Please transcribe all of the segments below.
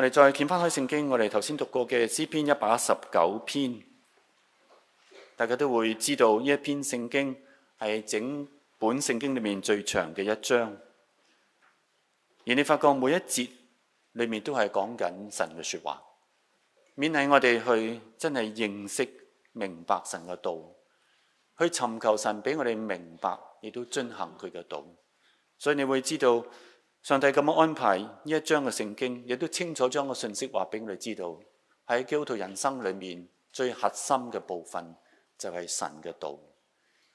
我哋再掀翻開聖經，我哋頭先讀過嘅詩篇一百一十九篇，大家都會知道呢一篇聖經係整本聖經裏面最長嘅一章，而你發覺每一節裏面都係講緊神嘅說話，勉勵我哋去真係認識明白神嘅道，去尋求神俾我哋明白，亦都遵行佢嘅道，所以你會知道。上帝咁樣安排呢一章嘅聖經，亦都清楚將個信息話俾我哋 知道，喺基督徒人生裏面最核心嘅部分就係神嘅道。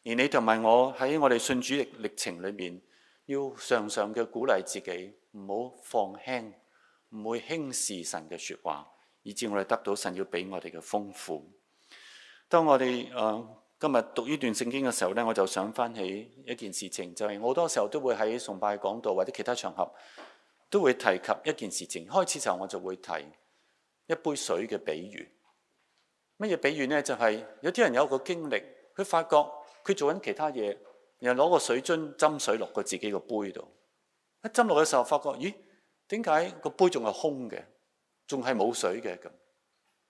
而你同埋我喺我哋信主歷、歷程裏面，要常常嘅鼓勵自己，唔好放輕，唔會輕視神嘅說話，以至我哋得到神要俾我哋嘅豐富。當我哋誒，呃今日讀呢段聖經嘅時候咧，我就想翻起一件事情，就係、是、好多時候都會喺崇拜講道或者其他場合都會提及一件事情。開始時候我就會提一杯水嘅比喻。乜嘢比喻咧？就係、是、有啲人有個經歷，佢發覺佢做緊其他嘢，然後攞個水樽斟水落個自己個杯度。一斟落嘅時候，發覺咦，點解個杯仲係空嘅，仲係冇水嘅咁？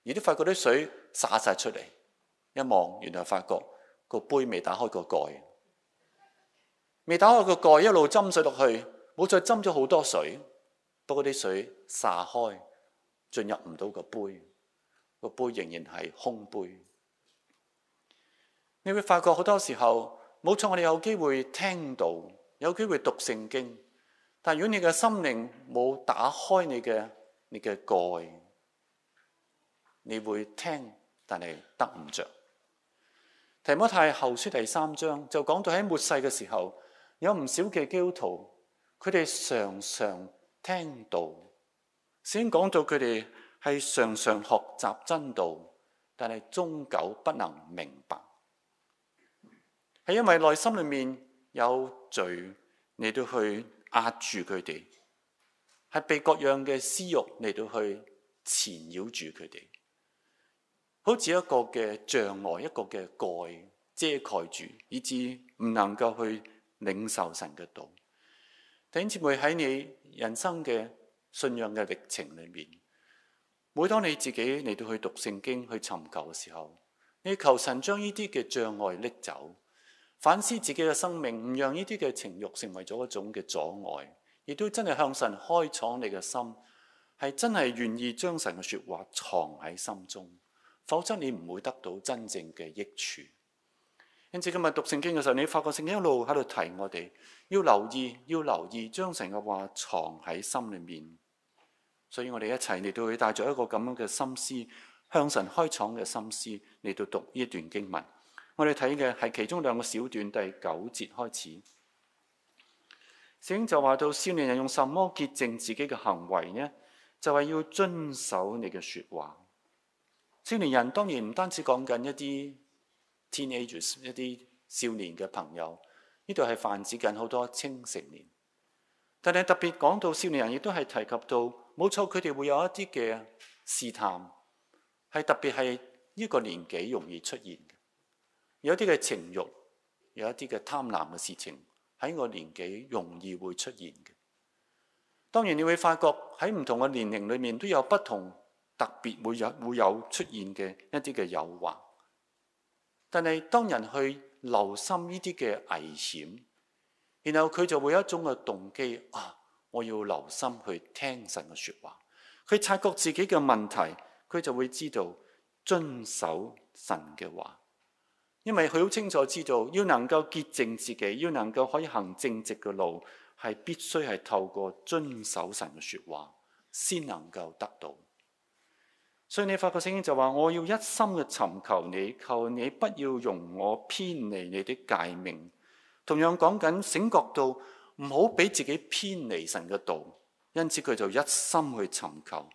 而啲發覺啲水灑晒出嚟。一望，原來發覺個杯未打開個蓋，未打開個蓋，一路斟水落去，冇再斟咗好多水，不過啲水撒開，進入唔到個杯，個杯仍然係空杯。你會發覺好多時候，冇錯，我哋有機會聽到，有機會讀聖經，但如果你嘅心靈冇打開你嘅你嘅蓋，你會聽，但係得唔着。《提摩太後書》第三章就講到喺末世嘅時候，有唔少嘅基督徒，佢哋常常聽到，先講到佢哋係常常學習真道，但係終究不能明白，係因為內心裡面有罪，嚟到去壓住佢哋，係被各樣嘅私欲，嚟到去纏繞住佢哋。好似一個嘅障礙，一個嘅蓋遮蓋住，以致唔能夠去領受神嘅道。弟兄姊妹，喺你人生嘅信仰嘅歷程裏面，每當你自己嚟到去讀聖經、去尋求嘅時候，你求神將呢啲嘅障礙拎走，反思自己嘅生命，唔讓呢啲嘅情欲成為咗一種嘅阻礙，亦都真係向神開敞你嘅心，係真係願意將神嘅說話藏喺心中。否則你唔會得到真正嘅益處。因此今日讀聖經嘅時候，你發覺聖經一路喺度提我哋，要留意，要留意，將神嘅話藏喺心裏面。所以我哋一齊你都去帶咗一個咁樣嘅心思，向神開敞嘅心思嚟到讀呢段經文。我哋睇嘅係其中兩個小段，第九節開始。聖經就話到，少年人用什麼潔淨自己嘅行為呢？就係要遵守你嘅說話。少年人當然唔單止講緊一啲 teenagers，一啲少年嘅朋友，呢度係泛指緊好多青成年。但係特別講到少年人，亦都係提及到冇錯，佢哋會有一啲嘅試探，係特別係呢個年紀容易出現嘅。有一啲嘅情慾，有一啲嘅貪婪嘅事情喺我年紀容易會出現嘅。當然，你會發覺喺唔同嘅年齡裏面都有不同。特別會有會有出現嘅一啲嘅誘惑，但係當人去留心呢啲嘅危險，然後佢就會有一種嘅動機啊！我要留心去聽神嘅説話。佢察覺自己嘅問題，佢就會知道遵守神嘅話，因為佢好清楚知道要能夠潔淨自己，要能夠可以行正直嘅路，係必須係透過遵守神嘅説話先能夠得到。所以你發個聲音就話，我要一心嘅尋求你，求你不要容我偏離你的誡命。同樣講緊，醒覺到，唔好俾自己偏離神嘅道。因此佢就一心去尋求，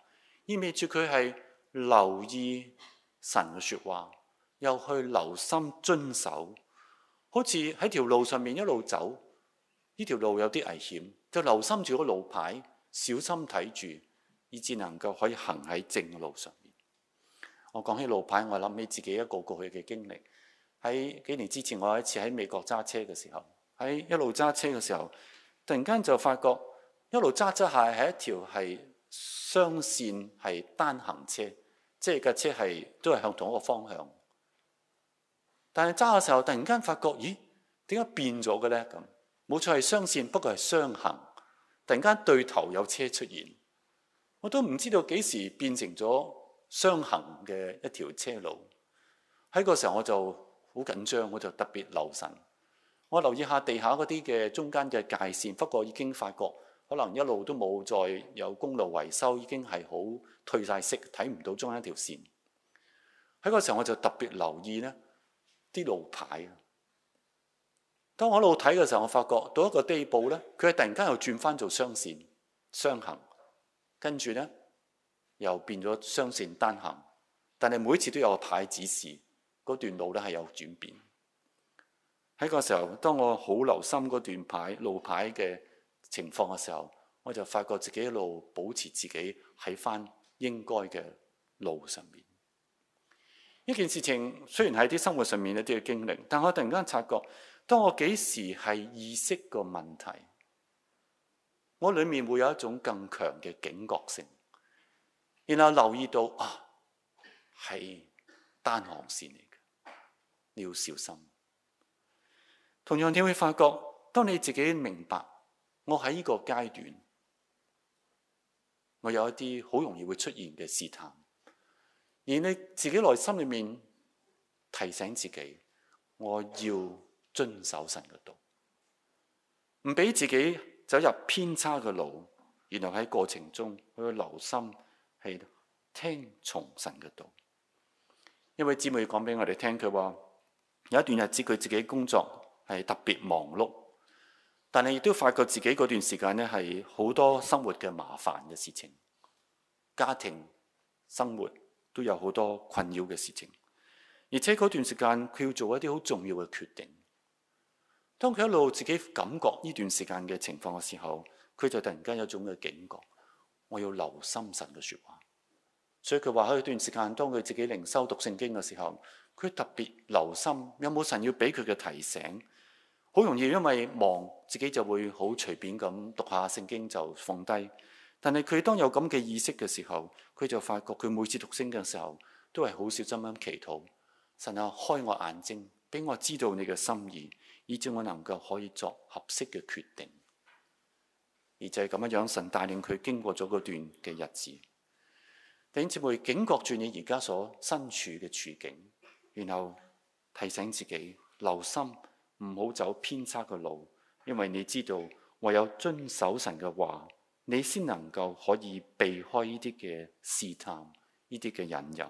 意味住佢係留意神嘅說話，又去留心遵守。好似喺條路上面一路走，呢條路有啲危險，就留心住個路牌，小心睇住，以至能夠可以行喺正嘅路上。我講起路牌，我諗起自己一個過去嘅經歷。喺幾年之前，我有一次喺美國揸車嘅時候，喺一路揸車嘅時候，突然間就發覺一路揸咗下係一條係雙線，係單行車，即係架車係都係向同一個方向。但係揸嘅時候，突然間發覺，咦？點解變咗嘅咧？咁冇錯係雙線，不過係雙行。突然間對頭有車出現，我都唔知道幾時變成咗。雙行嘅一條車路，喺個時候我就好緊張，我就特別留神。我留意下地下嗰啲嘅中間嘅界線，不過已經發覺可能一路都冇再有公路維修，已經係好退晒色，睇唔到中間一條線。喺個時候我就特別留意呢啲路牌。當我一路睇嘅時候，我發覺到一個地步呢，佢係突然間又轉翻做雙線雙行，跟住呢。又變咗雙線單行，但係每次都有個牌指示，嗰段路咧係有轉變。喺個時候，當我好留心嗰段牌路牌嘅情況嘅時候，我就發覺自己一路保持自己喺返應該嘅路上面。呢件事情雖然係啲生活上面一啲嘅經歷，但我突然間察覺，當我幾時係意識個問題，我裡面會有一種更強嘅警覺性。然後留意到啊，係單行線嚟嘅，你要小心。同樣，你會發覺，當你自己明白我喺呢個階段，我有一啲好容易會出現嘅試探，而你自己內心裏面提醒自己，我要遵守神嘅道，唔俾自己走入偏差嘅路。然後喺過程中我要留心。係聽從神嘅道。一位姊妹講俾我哋聽，佢話有一段日子佢自己工作係特別忙碌，但係亦都發覺自己嗰段時間呢係好多生活嘅麻煩嘅事情，家庭生活都有好多困擾嘅事情，而且嗰段時間佢要做一啲好重要嘅決定。當佢一路自己感覺呢段時間嘅情況嘅時候，佢就突然間有一種嘅警覺。我要留心神嘅說話，所以佢話喺一段時間，當佢自己靈修讀聖經嘅時候，佢特別留心有冇神要俾佢嘅提醒。好容易因為忙，自己就會好隨便咁讀下聖經就放低。但係佢當有咁嘅意識嘅時候，佢就發覺佢每次讀經嘅時候都係好小心咁祈禱。神啊，開我眼睛，俾我知道你嘅心意，以至我能夠可以作合適嘅決定。而就係咁樣樣，神帶領佢經過咗嗰段嘅日子。弟兄姊妹，警覺住你而家所身處嘅處境，然後提醒自己留心，唔好走偏差嘅路，因為你知道唯有遵守神嘅話，你先能夠可以避開呢啲嘅試探，呢啲嘅引誘。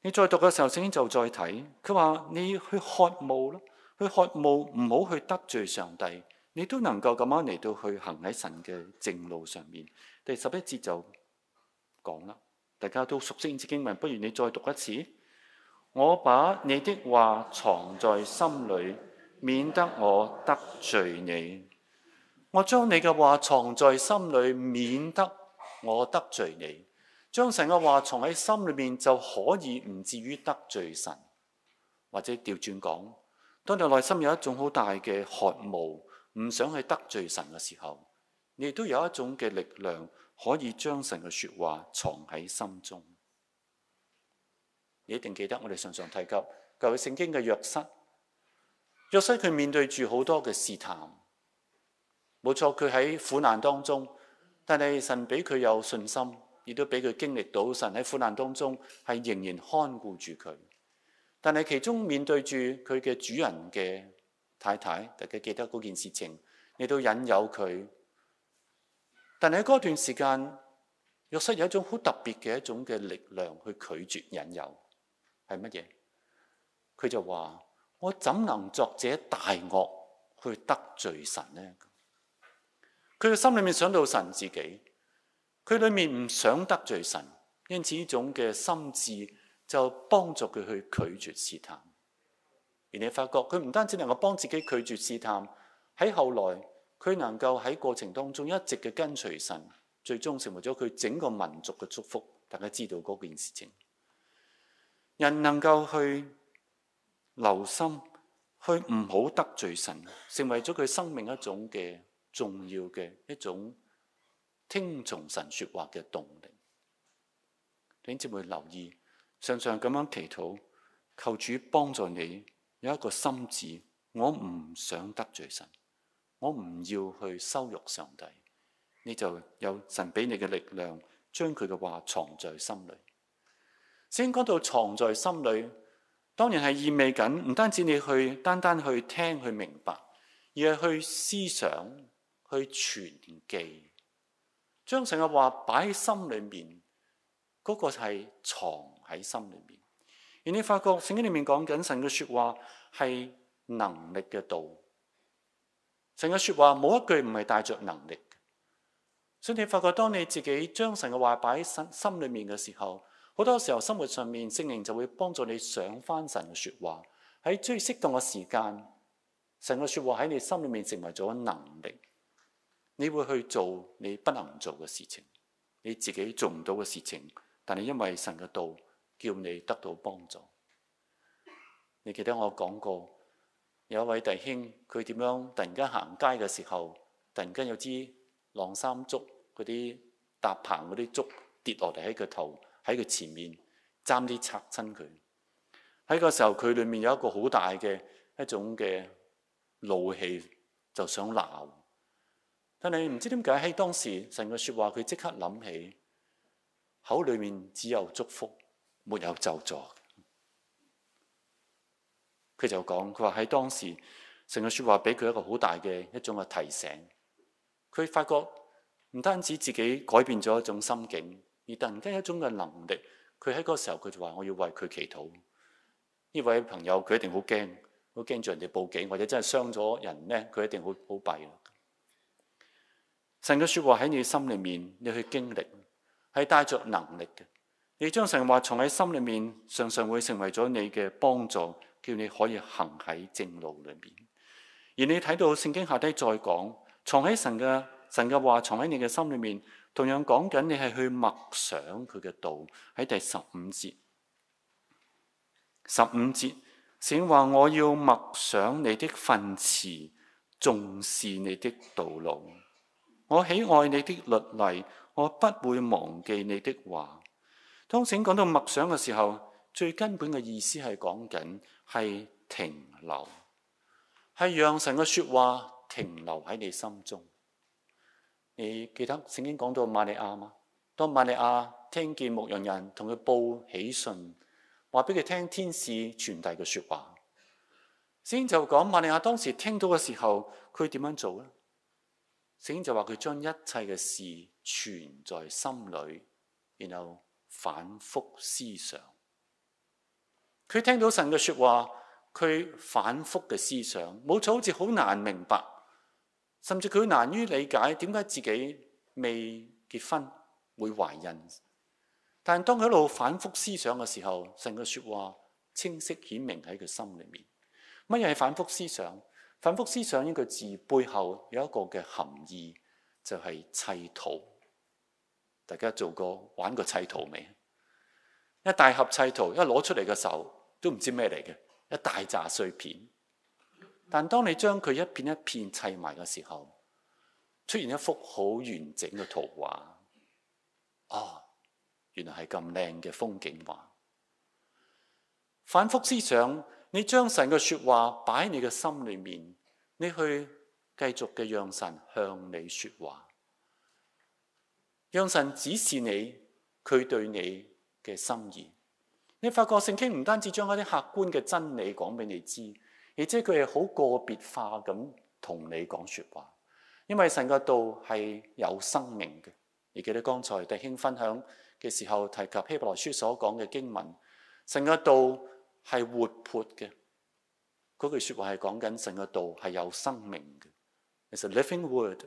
你再讀嘅時候，聖經就再睇。佢話你去渴慕啦，去渴慕，唔好去得罪上帝。你都能夠咁樣嚟到去行喺神嘅正路上面。第十一節就講啦，大家都熟悉呢節經文，不如你再讀一次。我把你的話藏在心裏，免得我得罪你。我將你嘅話藏在心裏，免得我得罪你。將神嘅話藏喺心裏面，就可以唔至於得罪神，或者調轉講，當你內心有一種好大嘅渴慕。唔想去得罪神嘅時候，你都有一種嘅力量可以將神嘅說話藏喺心中。你一定記得我哋常常提及舊約聖經嘅約瑟，約瑟佢面對住好多嘅試探，冇錯，佢喺苦難當中，但係神俾佢有信心，亦都俾佢經歷到神喺苦難當中係仍然看顧住佢。但係其中面對住佢嘅主人嘅。太太，大家記得嗰件事情，你都引誘佢。但係喺嗰段時間，約瑟有一種好特別嘅一種嘅力量去拒絕引誘，係乜嘢？佢就話：我怎能作這大惡去得罪神呢？佢嘅心裏面想到神自己，佢裏面唔想得罪神，因此呢種嘅心志就幫助佢去拒絕試探。而你發覺佢唔單止能夠幫自己拒絕試探，喺後來佢能夠喺過程當中一直嘅跟隨神，最終成為咗佢整個民族嘅祝福。大家知道嗰件事情，人能夠去留心，去唔好得罪神，成為咗佢生命一種嘅重要嘅一種聽從神說話嘅動力，甚至會留意常常咁樣祈禱，求主幫助你。有一個心志，我唔想得罪神，我唔要去羞辱上帝，你就有神俾你嘅力量，將佢嘅話藏在心裏。先講到藏在心裏，當然係意味緊唔單止你去單單去聽去明白，而係去思想去存記，將神嘅話擺喺心裏面，嗰、那個係藏喺心裏面。而你發覺聖經裏面講緊神嘅說話係能力嘅道，神嘅說話冇一句唔係帶着能力。所以你發覺當你自己將神嘅話擺喺心心裏面嘅時候，好多時候生活上面聖靈就會幫助你想翻神嘅說話，喺最適當嘅時間，神嘅說話喺你心裏面成為咗能力，你會去做你不能做嘅事情，你自己做唔到嘅事情，但係因為神嘅道。叫你得到幫助。你記得我講過，有一位弟兄，佢點樣突然間行街嘅時候，突然間有支晾衫竹嗰啲搭棚嗰啲竹跌落嚟喺佢頭，喺佢前面爭啲拆親佢。喺個時候，佢裏面有一個好大嘅一種嘅怒氣，就想鬧。但係唔知點解喺當時神嘅説話，佢即刻諗起口裏面只有祝福。沒有就座，佢就講：佢話喺當時，神嘅說話俾佢一個好大嘅一種嘅提醒。佢發覺唔單止自己改變咗一種心境，而突然間一種嘅能力，佢喺嗰個時候佢就話：我要為佢祈禱。呢位朋友佢一定好驚，好驚住人哋報警，或者真係傷咗人咧，佢一定好好弊咯。神嘅說話喺你心裏面，你去經歷係帶着能力嘅。你將神話藏喺心裏面，常常會成為咗你嘅幫助，叫你可以行喺正路裏面。而你睇到聖經下低再講，藏喺神嘅神嘅話，藏喺你嘅心裏面，同樣講緊你係去默想佢嘅道。喺第十五節，十五節，神話，我要默想你的訓詞，重視你的道路。我喜愛你的律例，我不會忘記你的話。當聖經講到默想嘅時候，最根本嘅意思係講緊係停留，係讓神嘅說話停留喺你心中。你記得聖經講到瑪利亞嗎？當瑪利亞聽見牧羊人同佢報喜訊，話俾佢聽天使傳遞嘅說話，聖經就講瑪利亞當時聽到嘅時候，佢點樣做咧？聖經就話佢將一切嘅事存在心裏，然後。反覆思想，佢聽到神嘅說話，佢反覆嘅思想，冇錯，好似好難明白，甚至佢難於理解點解自己未結婚會懷孕。但係當佢喺度反覆思想嘅時候，神嘅說話清晰顯明喺佢心裏面。乜嘢係反覆思想？反覆思想呢個字背後有一個嘅含義，就係、是、砌圖。大家做過玩過砌圖未？一大盒砌圖，一攞出嚟嘅時候都唔知咩嚟嘅，一大紮碎片。但當你將佢一片一片砌埋嘅時候，出現一幅好完整嘅圖畫。哦，原來係咁靚嘅風景畫。反覆思想，你將神嘅說話擺喺你嘅心裏面，你去繼續嘅讓神向你說話。讓神指示你，佢對你嘅心意。你發覺聖經唔單止將一啲客觀嘅真理講俾你知，而且佢係好個別化咁同你講說話，因為神嘅道係有生命嘅。你記得剛才弟兄分享嘅時候提及希伯來書所講嘅經文，神嘅道係活潑嘅。嗰句說話係講緊神嘅道係有生命嘅。其實 living word.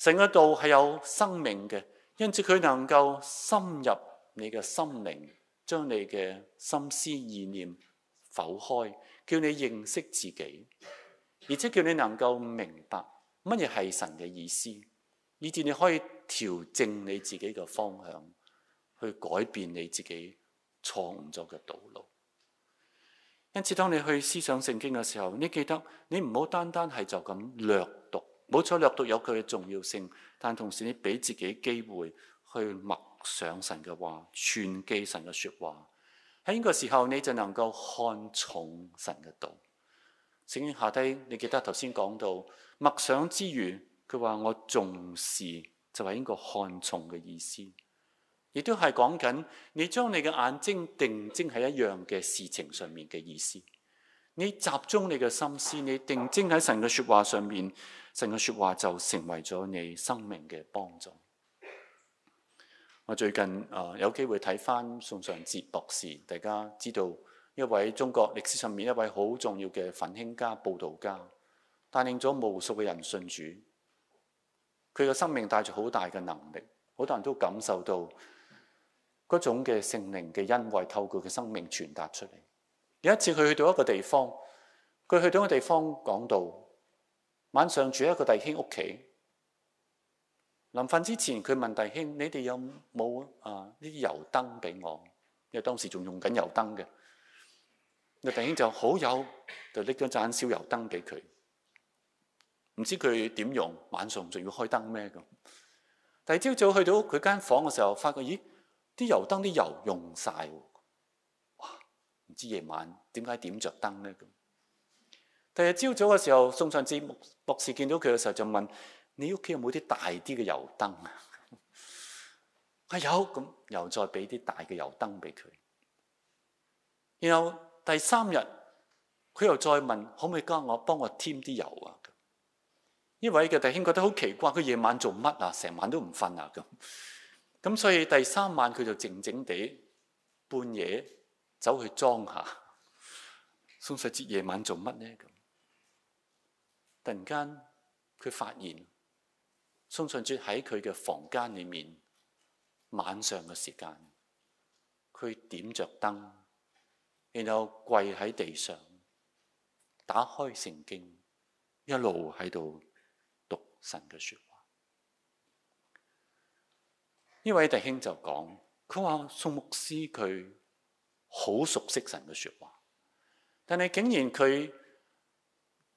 神嘅道係有生命嘅，因此佢能夠深入你嘅心靈，將你嘅心思意念剖開，叫你認識自己，而且叫你能夠明白乜嘢係神嘅意思，以至你可以調整你自己嘅方向，去改變你自己錯作嘅道路。因此，當你去思想聖經嘅時候，你記得你唔好單單係就咁略讀。冇錯，略讀有佢嘅重要性，但同時你俾自己機會去默想神嘅話，串記神嘅說話喺呢個時候，你就能夠看重神嘅道。請下低，你記得頭先講到默想之餘，佢話我重視就係呢個看重嘅意思，亦都係講緊你將你嘅眼睛定睛喺一樣嘅事情上面嘅意思，你集中你嘅心思，你定睛喺神嘅說話上面。神嘅説話就成為咗你生命嘅幫助。我最近啊、呃、有機會睇翻宋尚節博士，大家知道一位中國歷史上面一位好重要嘅奮興家、佈道家，帶領咗無數嘅人信主。佢嘅生命帶住好大嘅能力，好多人都感受到嗰種嘅聖靈嘅恩惠透過佢生命傳達出嚟。有一次佢去到一個地方，佢去到一個地方講道。晚上住喺個弟兄屋企，臨瞓之前佢問弟兄：你哋有冇啊呢啲油燈俾我？因為當時仲用緊油燈嘅。個弟兄就好有就拎咗盞燒油燈俾佢，唔知佢點用？晚上仲要開燈咩咁？第二朝早去到佢間房嘅時候，發覺咦啲油燈啲油用晒喎！哇，唔知夜晚點解點着燈咧咁？誒，朝早嘅時候，宋尚志博士見到佢嘅時候就問：你屋企有冇啲大啲嘅油燈啊？啊有咁，又再俾啲大嘅油燈俾佢。然後第三日，佢又再問：可唔可以加我幫我添啲油啊？呢位嘅弟兄覺得好奇怪，佢夜晚做乜啊？成晚都唔瞓啊！咁咁，所以第三晚佢就靜靜地半夜走去裝下宋尚志夜晚做乜咧？突然間，佢發現宋信哲喺佢嘅房間裏面，晚上嘅時間，佢點着燈，然後跪喺地上，打開聖經，一路喺度讀神嘅說話。呢位弟兄就講，佢話宋牧師佢好熟悉神嘅說話，但係竟然佢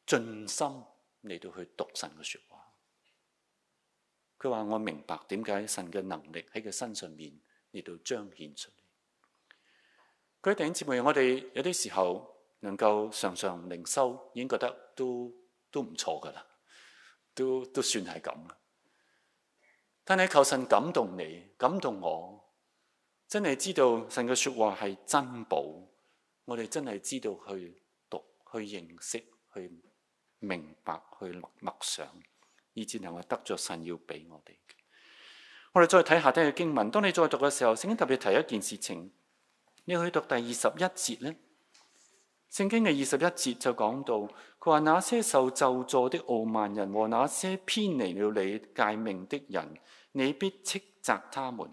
盡心。嚟到去讀神嘅說話，佢話我明白點解神嘅能力喺佢身上面嚟到彰顯出嚟。各位弟兄姊妹，我哋有啲時候能夠常常靈修，已經覺得都都唔錯噶啦，都都，都算係咁啦。但係求神感動你，感動我，真係知道神嘅說話係珍寶，我哋真係知道去讀、去認識、去。明白去默想，以至能夠得着神要俾我哋。我哋再睇下底嘅經文。當你再讀嘅時候，聖經特別提一件事情，你可以讀第二十一節呢？聖經嘅二十一節就講到，佢話那些受咒詛的傲慢人和那些偏離了你誡命的人，你必斥責他們。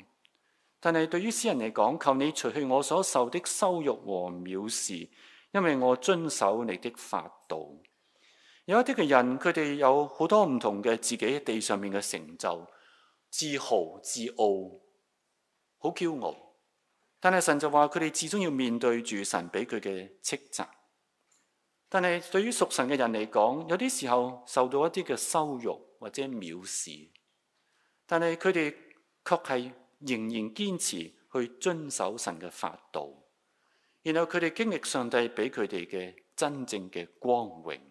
但係對於詩人嚟講，求你除去我所受的羞辱和藐視，因為我遵守你的法度。有一啲嘅人，佢哋有好多唔同嘅自己喺地上面嘅成就，自豪、自傲，好驕傲。但係神就話佢哋始終要面對住神俾佢嘅斥責。但係對於屬神嘅人嚟講，有啲時候受到一啲嘅羞辱或者藐視，但係佢哋卻係仍然堅持去遵守神嘅法度，然後佢哋經歷上帝俾佢哋嘅真正嘅光榮。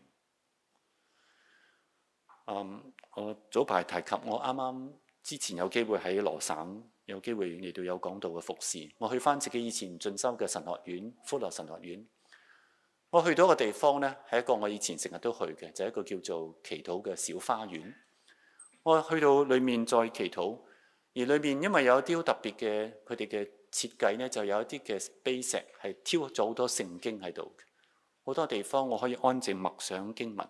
誒，um, 我早排提及，我啱啱之前有機會喺羅省有機會遠嚟到有講到嘅服侍，我去翻自己以前進修嘅神學院，福樂神學院，我去到一個地方呢，係一個我以前成日都去嘅，就係、一個叫做祈禱嘅小花園。我去到裏面再祈禱，而裏面因為有一啲好特別嘅佢哋嘅設計呢，就有一啲嘅碑石係挑咗好多聖經喺度，好多地方我可以安靜默想經文。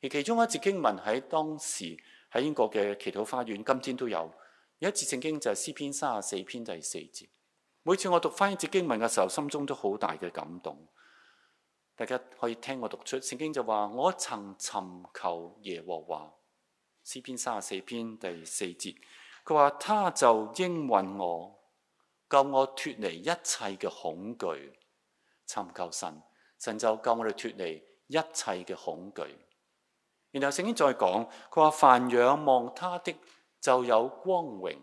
而其中一節經文喺當時喺英國嘅祈禱花園，今天都有有一節聖經就係詩篇三十四篇第四節。每次我讀返一節經文嘅時候，心中都好大嘅感動。大家可以聽我讀出聖經就話：我曾尋求耶和華，詩篇三十四篇第四節，佢話他就應允我，救我脫離一切嘅恐懼。尋求神，神就救我哋脫離一切嘅恐懼。然後聖經再講，佢話：凡仰望他的就有光榮，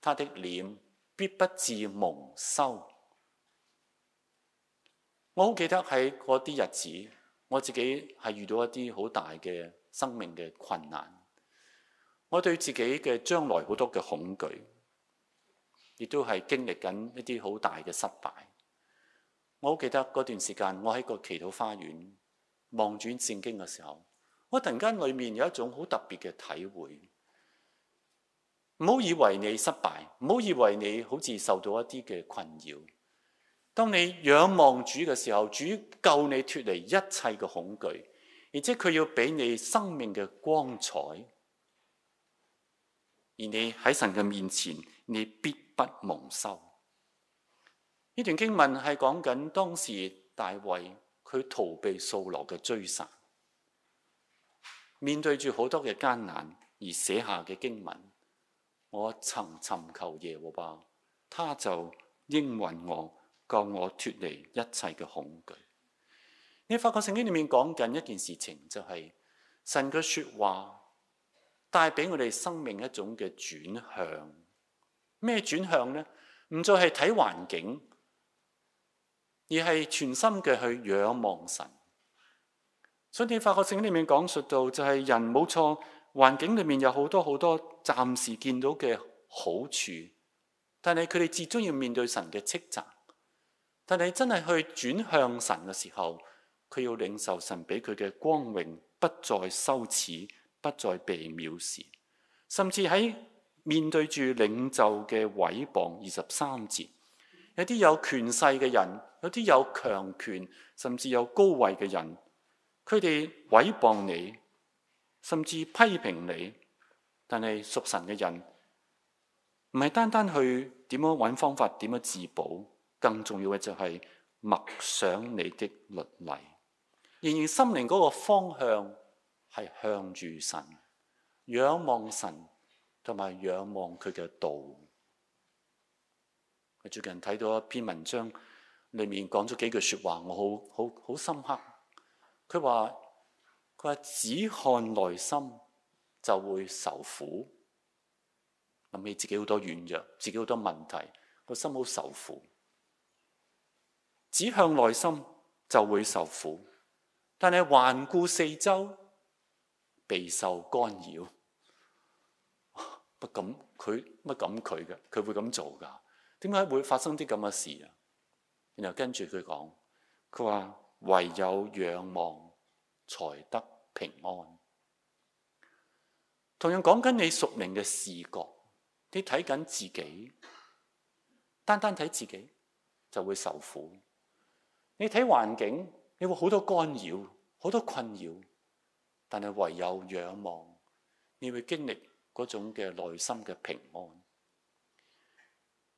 他的臉必不至蒙羞。我好記得喺嗰啲日子，我自己係遇到一啲好大嘅生命嘅困難，我對自己嘅將來好多嘅恐懼，亦都係經歷緊一啲好大嘅失敗。我好記得嗰段時間，我喺個祈禱花園望轉聖經嘅時候。我突然間裏面有一種好特別嘅體會，唔好以為你失敗，唔好以為你好似受到一啲嘅困擾。當你仰望主嘅時候，主救你脫離一切嘅恐懼，而且佢要俾你生命嘅光彩。而你喺神嘅面前，你必不蒙羞。呢段經文係講緊當時大衛佢逃避掃羅嘅追殺。面對住好多嘅艱難而寫下嘅經文，我曾尋求耶和華，他就應允我，救我脫離一切嘅恐懼。你發覺聖經裏面講緊一件事情，就是，就係神嘅說話帶俾我哋生命一種嘅轉向。咩轉向呢？唔再係睇環境，而係全心嘅去仰望神。所以《法學聖經》裏面講述到就，就係人冇錯，環境裏面有好多好多暫時見到嘅好處，但係佢哋最終要面對神嘅斥責。但係真係去轉向神嘅時候，佢要領受神俾佢嘅光榮，不再羞恥，不再被藐視，甚至喺面對住領袖嘅毀謗。二十三節，有啲有權勢嘅人，有啲有強權，甚至有高位嘅人。佢哋毀謗你，甚至批評你，但係屬神嘅人唔係單單去點樣揾方法，點樣自保，更重要嘅就係默想你的律例，仍然而心靈嗰個方向係向住神，仰望神同埋仰望佢嘅道。我最近睇到一篇文章，裏面講咗幾句說話，我好好好深刻。佢話：佢話只看內心就會受苦，諗起自己好多軟弱，自己好多問題，個心好受苦。指向內心就會受苦，但係環顧四周，備受干擾。啊、不咁，佢乜咁佢嘅？佢會咁做㗎？點解會發生啲咁嘅事啊？然後跟住佢講，佢話。唯有仰望，才得平安。同樣講緊你熟明嘅視覺，你睇緊自己，單單睇自己就會受苦。你睇環境，你會好多干擾，好多困擾。但係唯有仰望，你會經歷嗰種嘅內心嘅平安。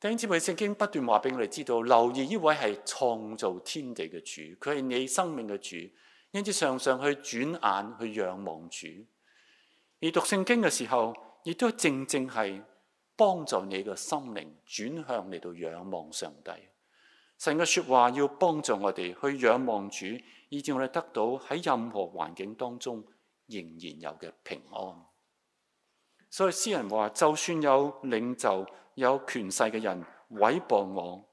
因此，咪聖經不斷話俾我哋知道，留意呢位係創造天地嘅主，佢係你生命嘅主。因此，常常去轉眼去仰望主。而讀聖經嘅時候，亦都正正係幫助你嘅心靈轉向嚟到仰望上帝。神嘅說話要幫助我哋去仰望主，以至我哋得到喺任何環境當中仍然有嘅平安。所以詩人話：就算有領袖。有權勢嘅人毀謗我，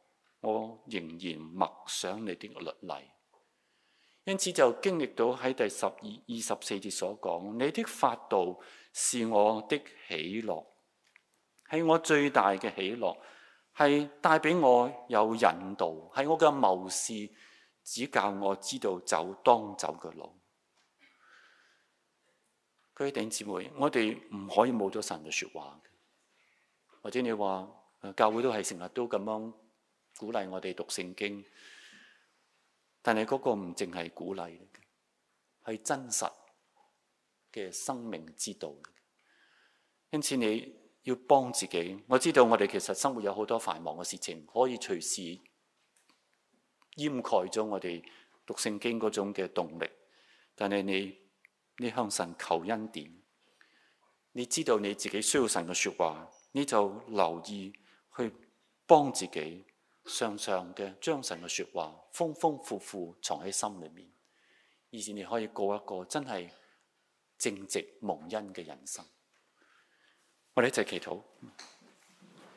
我仍然默想你的律例。因此就經歷到喺第十二二十四節所講：你的法度是我的喜樂，係我最大嘅喜樂，係帶俾我有引導，係我嘅謀士，指教我知道走當走嘅路。弟兄姊妹，我哋唔可以冇咗神嘅說話。或者你話，教會都係成日都咁樣鼓勵我哋讀聖經，但係嗰個唔淨係鼓勵，係真實嘅生命之道。因此你要幫自己。我知道我哋其實生活有好多繁忙嘅事情，可以隨時掩蓋咗我哋讀聖經嗰種嘅動力。但係你，你向神求恩典，你知道你自己需要神嘅説話。你就留意去幫自己，上上嘅將神嘅說話，豐豐富富藏喺心裏面，以至你可以過一個真係正直蒙恩嘅人生。我哋一齊祈禱。